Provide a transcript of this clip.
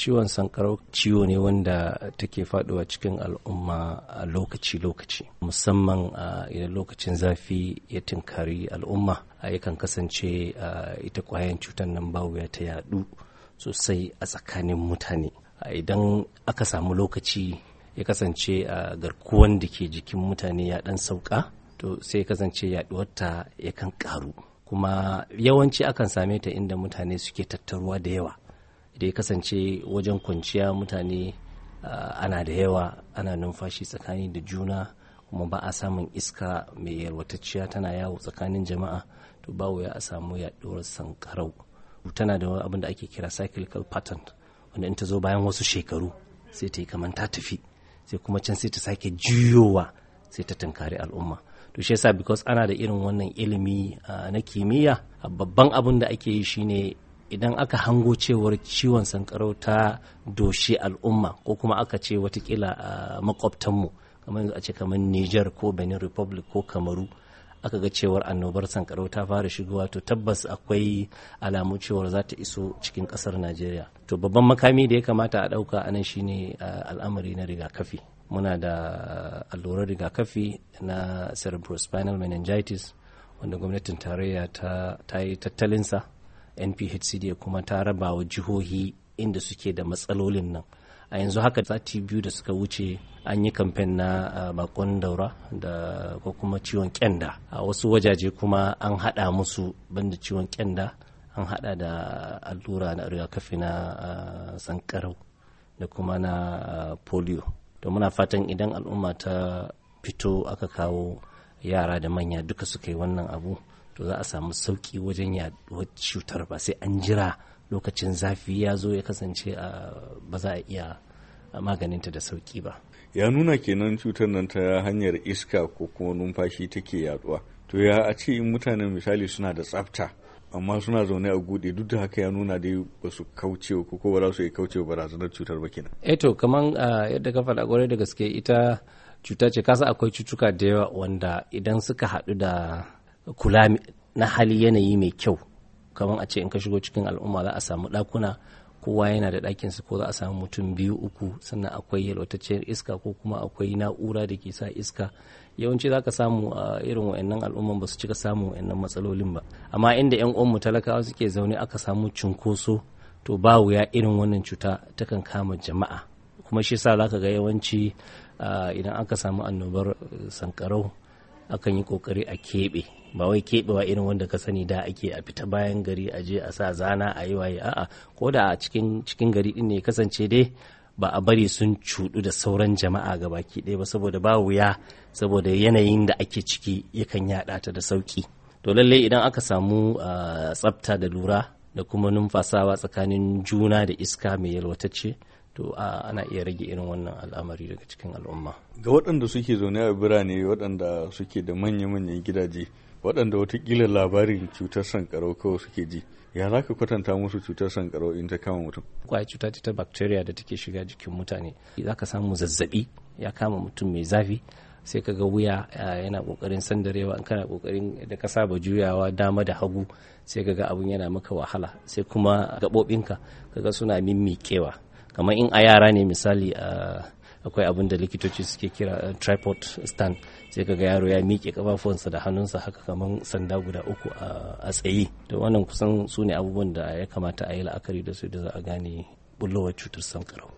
ciwon sankarau ciwo ne wanda take faduwa cikin al'umma a lokaci-lokaci musamman idan lokacin zafi ya tinkari al'umma yakan kasance ita kwayan cutar nan ba wuya ta yadu sosai a tsakanin mutane idan aka samu lokaci ya kasance a garkuwan da ke jikin mutane ya dan sauka to sai ya kasance yaduwarta yakan karu kuma yawanci akan same ta inda mutane suke tattaruwa da yawa da ya kasance wajen kwanciya mutane ana da yawa ana numfashi tsakani da juna kuma ba a samun iska mai yalwatacciya tana yawo tsakanin jama'a to ba wuya a samu yaɗuwar sankarau tana da abin da ake kira cyclical pattern wanda in ta zo bayan wasu shekaru sai ta yi kamar ta tafi sai kuma can sai ta sake juyowa sai ta tunkari al'umma to shi yasa because ana da irin wannan ilimi na kimiyya babban abin da ake yi shine idan aka hango cewar ciwon sankarau ta doshi al'umma ko kuma aka ce watakila a makwabtanmu kamar yanzu a ce kamar niger ko benin republic ko kamaru aka ga cewar annobar sankarau ta fara shigowa to tabbas akwai alamu cewar za ta iso cikin kasar najeriya to babban makami da ya kamata a ɗauka a nan shine al'amari na rigakafi muna da allurar rigakafi na cerebrospinal meningitis wanda gwamnatin tarayya ta yi tattalinsa NPHCD kuma ta raba wa jihohi inda suke da matsalolin nan a yanzu haka sati biyu da suka wuce an yi kamfen na bakon daura da ko kuma ciwon kyanda a wasu wajaje kuma an haɗa musu banda ciwon kyanda an haɗa da allura na rigakafi na sankarau da kuma na polio to muna fatan idan al'umma ta fito aka kawo yara da manya duka suka yi wannan abu to za a samu sauki wajen yaduwar cutar ba sai an jira lokacin zafi ya zo ya kasance ba za a iya maganinta da sauki ba ya nuna kenan cutar nan ta hanyar iska ko kuma numfashi take yaduwa to ya a ce mutanen misali suna da tsafta amma suna zaune a gude duk da haka ya nuna dai ba su kauce ko ko ba za su iya kauce barazanar cutar ba kenan eh to kaman yadda ka faɗa gore da gaske ita cuta ce kasa akwai cutuka da yawa wanda idan suka haɗu da kula na hali yanayi mai kyau kamar a ce in ka shigo cikin al'umma za a samu ɗakuna kowa yana da su ko za a samu mutum biyu uku sannan akwai yalwatacciyar iska ko kuma akwai na'ura da ke sa iska yawanci za ka samu a irin wa'annan al'umman ba su cika samun wa'annan matsalolin ba amma inda yan mu talakawa suke zaune aka samu cunkoso to ba wuya irin wannan cuta takan kama jama'a kuma shi sa za ka ga yawanci idan aka samu annobar sankarau akan yi kokari a keɓe ba wai keɓewa irin wanda ka sani da ake a fita bayan gari a je a sa zana a yi waye a'a ko da a cikin cikin gari din ne kasance dai ba a bari sun cuɗu da sauran jama'a ga baki ɗaya ba saboda ba wuya saboda yanayin da ake ciki yakan yaɗa ta da sauki to lallai idan aka samu tsafta da lura da kuma numfasawa tsakanin juna da iska mai yalwatacce to ana iya rage irin wannan al'amari daga cikin al'umma ga waɗanda suke zaune a birane waɗanda suke da manya-manyan gidaje waɗanda watakila labarin cutar sankarau kawai suke ji ya za ka kwatanta musu cutar sankarau in ta kama mutum kwaya cuta ce ta bacteria da take shiga jikin mutane za ka samu zazzabi ya kama mutum mai zafi sai ka ga wuya yana kokarin sandarewa in kana kokarin da ka saba juyawa dama da hagu sai ka ga abun yana maka wahala sai kuma gaɓoɓinka ka ga suna mimmiƙewa kamar in a yara ne misali a akwai abin da likitoci suke kira tripod stand sai kaga yaro ya miƙe kafafuwansa da hannunsa haka kamar sanda guda uku a tsaye da wannan kusan su ne abubuwan da ya kamata a yi la'akari da su da za a gane bullowar cutar sankarau